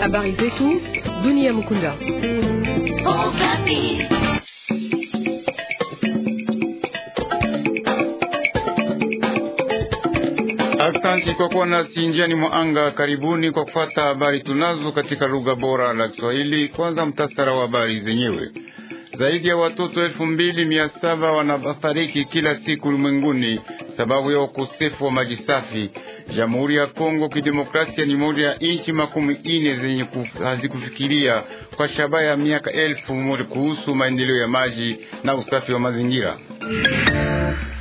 Habari zetu dunia Asante kwa kuwa nasi njiani mwa anga. Karibuni kwa kufuata habari tunazo katika lugha bora la Kiswahili. Kwanza mtasara wa habari zenyewe. Zaidi ya watoto elfu mbili mia saba wanafariki kila siku ulimwenguni sababu ya ukosefu wa maji safi. Jamhuri ya Kongo Kidemokrasia ni moja ya nchi makumi ine zenye hazikufikiria kwa shabaha ya miaka elfu moja kuhusu maendeleo ya maji na usafi wa mazingira.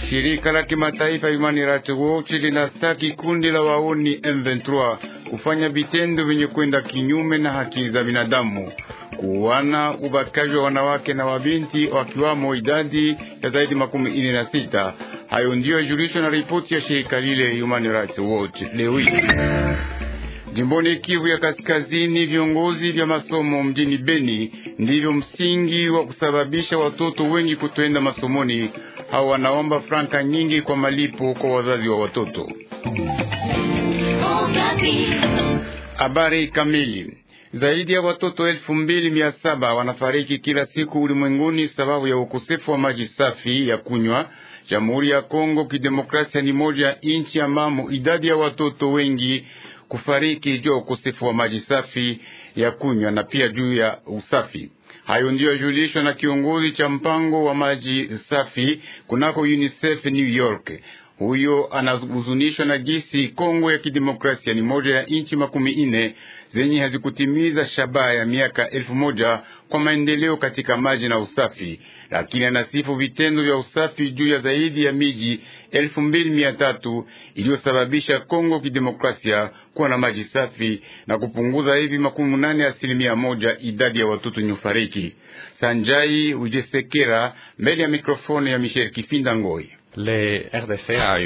Shirika la kimataifa Human Rights Watch linastaki kundi la wauni M23 kufanya vitendo vyenye kwenda kinyume na haki za binadamu, kuwana ubakaji wa wanawake na wabinti, wakiwamo idadi ya zaidi makumi ine na sita Hayo ndiyo yajulishwa na ripoti ya shirika lile Human Rights Watch leo hii. Jimboni Kivu ya Kaskazini, viongozi vya masomo mjini Beni ndivyo msingi wa kusababisha watoto wengi kutoenda masomoni. Hawa wanaomba franka nyingi kwa malipo kwa wazazi wa watoto. Habari kamili zaidi ya watoto elfu mbili mia saba wanafariki kila siku ulimwenguni sababu ya ukosefu wa maji safi ya kunywa Jamhuri ya Kongo Kidemokrasia ni moja ya nchi ambamo idadi ya watoto wengi kufariki juu ya ukosefu wa maji safi ya kunywa na pia juu ya usafi. Hayo ndiyo yajulishwa na kiongozi cha mpango wa maji safi kunako UNICEF New York. Huyo anahuzunishwa na gisi Kongo ya Kidemokrasia ni moja ya nchi makumi nne zenye hazikutimiza shabaha ya miaka elfu moja kwa maendeleo katika maji na usafi, lakini anasifu vitendo vya usafi juu ya zaidi ya miji elfu mbili mia tatu iliyosababisha Kongo Kidemokrasia kuwa na maji safi na kupunguza hivi makumi nane asilimia moja idadi ya watoto nyofariki. Sanjai Ujesekera mbele ya mikrofoni ya Michel Kifinda Ngoi.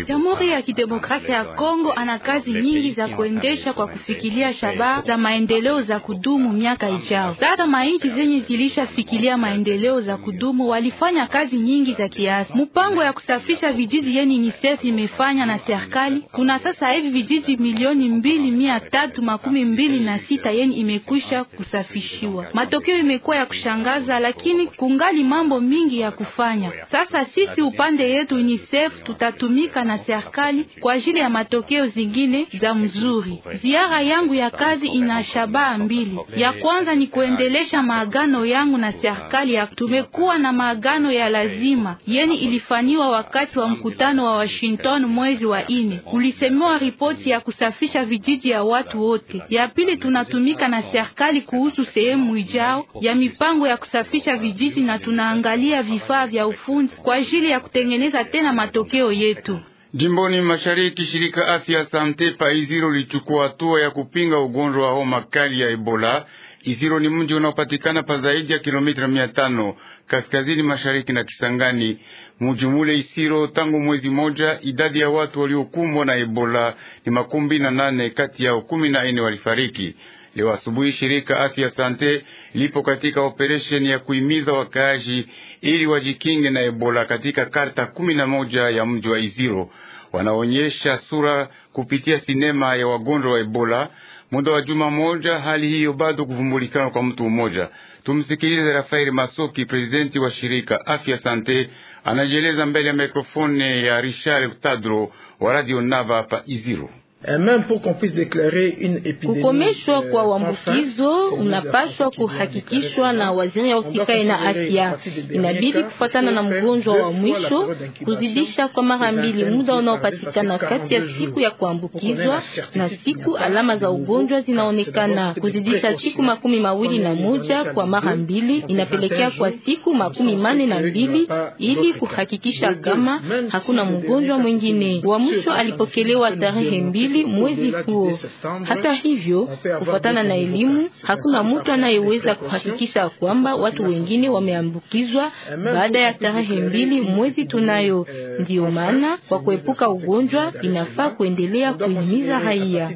Jamhuri ya Kidemokrasia ya Kongo ana kazi nyingi za kuendesha kwa kufikilia shabaha za maendeleo za kudumu miaka ijao. Sasa mainchi zenye zilishafikilia maendeleo za kudumu walifanya kazi nyingi za kiasi. Mpango ya kusafisha vijiji yeni UNICEF imefanya na serikali, kuna sasa hivi vijiji milioni mbili mia tatu makumi mbili na sita yeni imekwisha kusafishiwa. Matokeo imekuwa ya kushangaza, lakini kungali mambo mingi ya kufanya. Sasa sisi upande yetu UNICEF tutatumika na serikali kwa ajili ya matokeo zingine za mzuri. Ziara yangu ya kazi ina shabaha mbili. Ya kwanza ni kuendelesha maagano yangu na serikali ya tumekuwa na maagano ya lazima yeni ilifanyiwa wakati wa mkutano wa Washington mwezi wa ine, kulisemewa ripoti ya kusafisha vijiji ya watu wote. Ya pili, tunatumika na serikali kuhusu sehemu ijao ya mipango ya kusafisha vijiji na tunaangalia vifaa vya ufundi kwa ajili ya kutengeneza tena na matokeo yetu. Jimboni mashariki, shirika afya sante pa Iziro lichukua hatua ya kupinga ugonjwa wa homa kali ya Ebola. Iziro ni mji unaopatikana pa zaidi ya kilomita mia tano kaskazini mashariki na Kisangani. mule Isiro, tangu mwezi moja, idadi ya watu waliokumbwa na Ebola ni makumi na nane, kati yao kumi na nne walifariki. Leo asubuhi shirika afya sante lipo katika operesheni ya kuimiza wakaaji ili wajikinge na Ebola katika karta kumi na moja ya mji wa Iziro. Wanaonyesha sura kupitia sinema ya wagonjwa wa Ebola muda wa juma moja. Hali hiyo bado kuvumbulikana kwa mtu mmoja. Tumsikilize Rafael Masoki, prezidenti wa shirika afya sante, anajieleza mbele ya mikrofone ya Richard Tadro wa Radio Nava pa Iziro. Eh, Kukomeshwa euh, kwa uambukizo unapaswa kuhakikishwa na waziri ya ausikae na afya. Inabidi kufuatana na mgonjwa wa mwisho, kuzidisha kwa mara mbili muda unaopatikana kati ya siku ya kuambukizwa na siku alama za ugonjwa zinaonekana. Ah, kuzidisha siku makumi mawili na moja kwa mara mbili inapelekea kwa siku makumi mane na mbili ili kuhakikisha kama hakuna mgonjwa mwingine wa mwisho. Alipokelewa tarehe mbili mbili mwezi huo. Hata hivyo, kufuatana na elimu, hakuna mtu anayeweza kuhakikisha kwamba watu wengine wameambukizwa baada ya tarehe euh, mbili mwezi tunayo. Euh, Ndiyo maana kwa kuepuka ugonjwa inafaa kuendelea kuhimiza raia.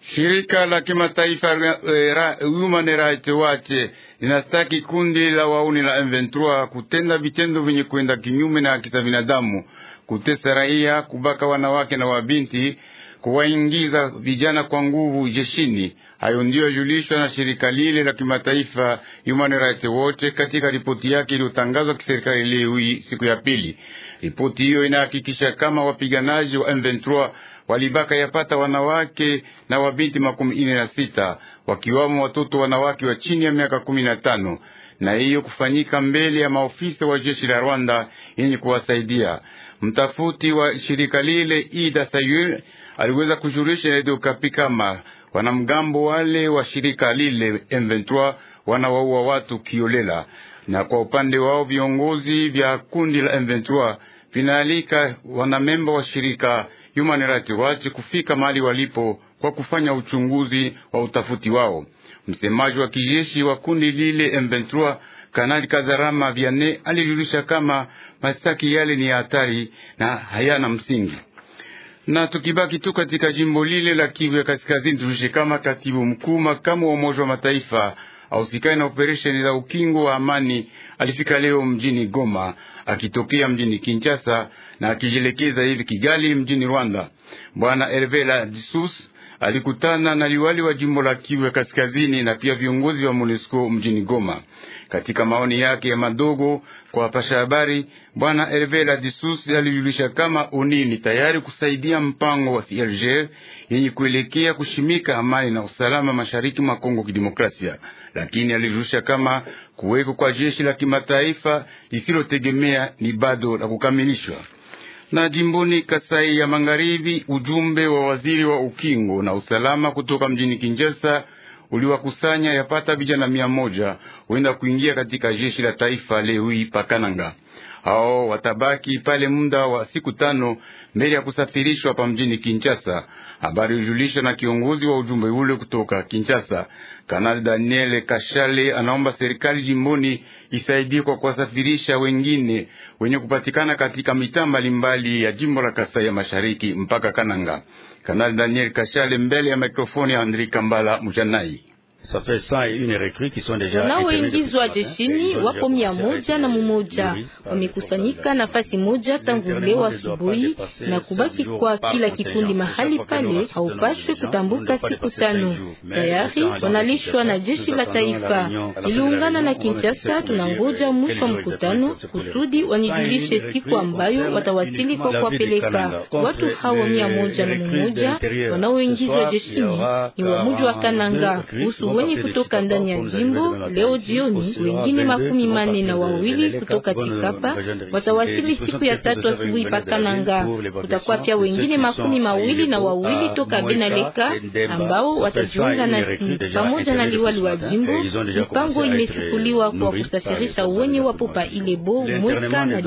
Shirika la kimataifa eh, Human Rights Watch linastaki kundi la wauni la M23 kutenda vitendo vyenye kwenda kinyume na haki za binadamu kutesa raia, kubaka wanawake na wabinti, kuwaingiza vijana kwa nguvu jeshini. Hayo ndiyo yajulishwa na shirika lile la kimataifa Human Rights Watch katika ripoti yake iliyotangazwa kiserikali leo hii siku ya pili. Ripoti hiyo inahakikisha kama wapiganaji wa M23 walibaka yapata wanawake na wabinti makumi ine na sita wakiwamo watoto wanawake wa chini ya miaka kumi na tano na hiyo kufanyika mbele ya maofisa wa jeshi la Rwanda yenye kuwasaidia. Mtafuti wa shirika lile Ida Sayur aliweza kujulisha Radio Okapi kama wanamgambo wale wa shirika lile M23 wanawaua watu kiolela, na kwa upande wao viongozi vya kundi la M23 vinaalika wanamemba wa shirika Human Rights Watch kufika mahali walipo kwa kufanya uchunguzi wa utafuti wao. Msemaji wa kijeshi wa kundi lile M23 Kanali Kazarama Vianney alijulisha kama mashtaki yale ni hatari na hayana msingi. Na tukibaki tu katika jimbo lile la Kivu ya Kaskazini, tujulishe kama katibu mkuu makamu wa Umoja wa Mataifa ausikani na operesheni za ukingo wa amani alifika leo mjini Goma akitokea mjini Kinshasa na akijielekeza hivi Kigali mjini Rwanda. Bwana Herve Ladissus alikutana na liwali wa jimbo la Kivu Kaskazini na pia viongozi wa MONUSCO mjini Goma. Katika maoni yake ya madogo kwa wapasha habari, bwana Herve Ladissus alijulisha kama uni ni tayari kusaidia mpango wa Alger yenye kuelekea kushimika amani na usalama mashariki mwa Kongo Kidemokrasia, lakini alijulisha kama kuweko kwa jeshi la kimataifa lisilotegemea ni bado la kukamilishwa. Na jimboni Kasai ya Magharibi, ujumbe wa waziri wa ukingo na usalama kutoka mjini Kinshasa uliwakusanya yapata vijana mia moja huenda kuingia katika jeshi la taifa leo hii pakananga. Hao watabaki pale muda wa siku tano mbele ya kusafirishwa hapa mjini Kinshasa. Habari ilijulishwa na kiongozi wa ujumbe ule kutoka Kinshasa, Kanali Daniel Kashale, anaomba serikali jimboni isaidie kwa kuwasafirisha wengine wenye kupatikana katika mitaa mbalimbali ya jimbo la Kasai ya Mashariki mpaka Kananga. Kanali Daniel Kashale mbele ya mikrofoni ya Andri Kambala Mujanai wanaoingizwa jeshini wako mia moja na mumoja euh, wamekusanyika nafasi moja tangu leo asubuhi, na kubaki kwa kila kikundi mahali pale haupashwi kutambuka siku tano. Tayari wanalishwa na jeshi la taifa. Iliungana na Kinshasa, tunangoja mwisho mkutano kusudi wanijulishe siku ambayo watawasili kwa kuwapeleka watu hawa mia moja na mmoja wanaoingizwa jeshini. Ni wa muji wa Kananga kuhusu wenye kutoka ndani ya jimbo leo jioni, wengine makumi mane na wawili kutoka Chikapa watawasili siku ya tatu asubuhi Pakananga. Kutakuwa pia wengine makumi mawili na wawili toka Benaleka ambao watajiunga nasi pamoja na liwali wa jimbo. Mipango imechukuliwa kwa kusafirisha wenye wapopa Ilebo, Mweka na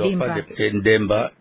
Demba.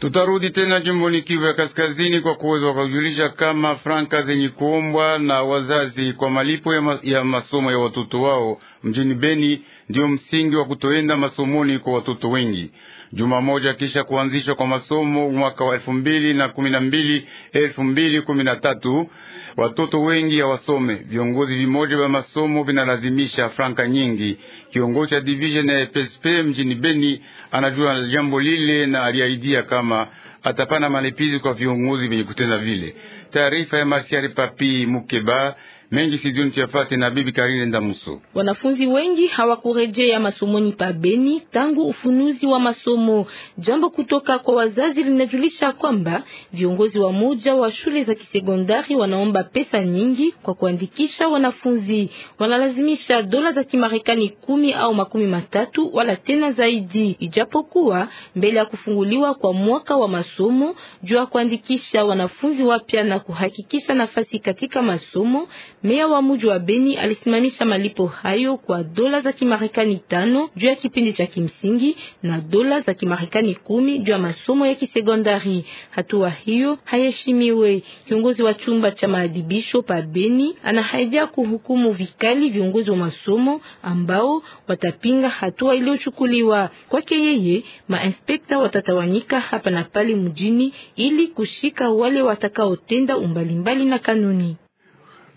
Tutarudi tena jimboni Kivu ya Kaskazini kwa kuweza kujulisha kama franka zenye kuombwa na wazazi kwa malipo ya, ma, ya masomo ya watoto wao mjini Beni ndiyo msingi wa kutoenda masomoni kwa watoto wengi juma moja kisha kuanzishwa kwa masomo mwaka wa elfu mbili na kumi na mbili elfu mbili kumi na tatu watoto wengi hawasome. Viongozi vimoja vya masomo vinalazimisha franka nyingi. Kiongozi cha division ya PSP mjini Beni anajua jambo lile na aliahidia kama atapana malipizi kwa viongozi vyenye kutenda vile. Taarifa ya Marsiari Papi Mukeba mengi sijuni tuyafate na bibi Karine Ndamuso. Wanafunzi wengi hawakurejea masomoni pa Beni tangu ufunuzi wa masomo. Jambo kutoka kwa wazazi linajulisha kwamba viongozi wa moja wa shule za kisekondari wanaomba pesa nyingi kwa kuandikisha wanafunzi, wanalazimisha dola za Kimarekani kumi au makumi matatu wala tena zaidi, ijapokuwa mbele ya kufunguliwa kwa mwaka wa masomo juu ya kuandikisha wanafunzi wapya na kuhakikisha nafasi katika masomo Meya wa muju wa Beni alisimamisha malipo hayo kwa dola za Kimarekani tano juu ya kipindi cha kimsingi na dola za Kimarekani kumi juu ya masomo ya kisekondari. Hatua hiyo hayeshimiwe. Kiongozi wa chumba cha maadhibisho pa Beni anahaidia kuhukumu vikali viongozi wa masomo ambao watapinga hatua iliyochukuliwa. Kwake yeye, mainspekta watatawanyika hapa na pale mjini ili kushika wale watakaotenda umbalimbali na kanuni.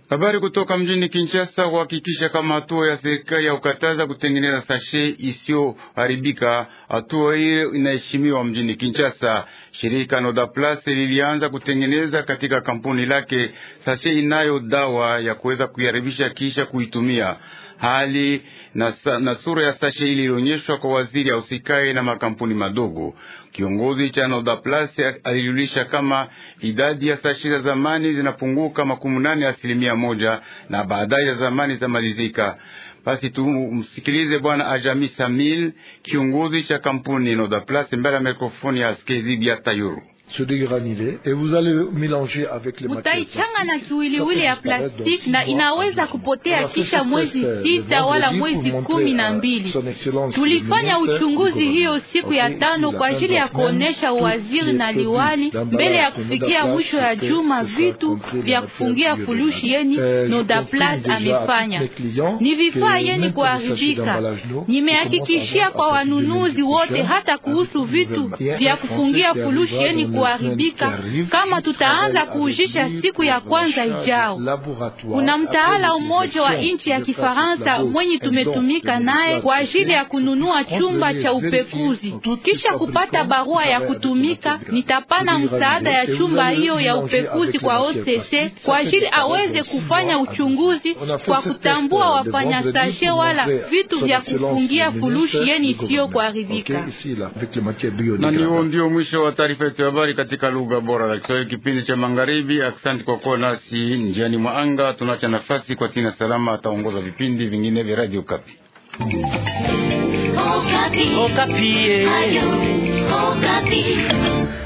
Habari kutoka mjini Kinshasa kuhakikisha kama hatua ya serikali ya kukataza kutengeneza sashe isiyoharibika, hatua hiyo inaheshimiwa mjini Kinshasa. Shirika Noda Plus lilianza kutengeneza katika kampuni lake sashe inayo dawa ya kuweza kuiharibisha kisha kuitumia hali na, na sura ya sashe ile ilionyeshwa kwa waziri ausikae na makampuni madogo. Kiongozi cha Nodaplas alijulisha kama idadi ya sashe za zamani zinapunguka makumi nane asilimia moja na baadaye za zamani zitamalizika. Basi tumsikilize Bwana Ajami Samil, kiongozi cha kampuni Nodaplas, mbele ya mikrofoni ya Askezi Tayuru mutaichanga na kiwiliwili ya plastiki na inaweza kupotea kisha mwezi sita wala mwezi kumi na mbili. Tulifanya uchunguzi hiyo siku ya tano kwa ajili ya kuonesha waziri na liwali mbele ya kufikia mwisho ya juma vitu vya kufungia fulushi yeni euh, Nodaplas amefanya ni vifaa yeni kuharibika. Nimehakikishia kwa wanunuzi wote hata kuhusu vitu vya kufungia fulushi yeni kuharibika kama tutaanza kuujisha siku ya kwanza ijao. Kuna mtaala umoja wa nchi ya Kifaransa mwenye tumetumika naye kwa ajili ya kununua chumba cha upekuzi. Kisha kupata barua ya kutumika, nitapana msaada ya chumba hiyo ya upekuzi kwa OCC kwa ajili aweze kufanya uchunguzi kwa kutambua euh, wafanya sashe wala vitu vya kufungia fulushi yeni isiyo kuharibika. Na ndio mwisho wa taarifa yetu habari katika lugha bora za Kiswahili, kipindi cha magharibi. Asante kwa kuwa nasi njiani mwa anga. Tunaacha nafasi kwa Tina Salama, ataongoza vipindi vingine vya Radio Kapi. Oh, oh, oh,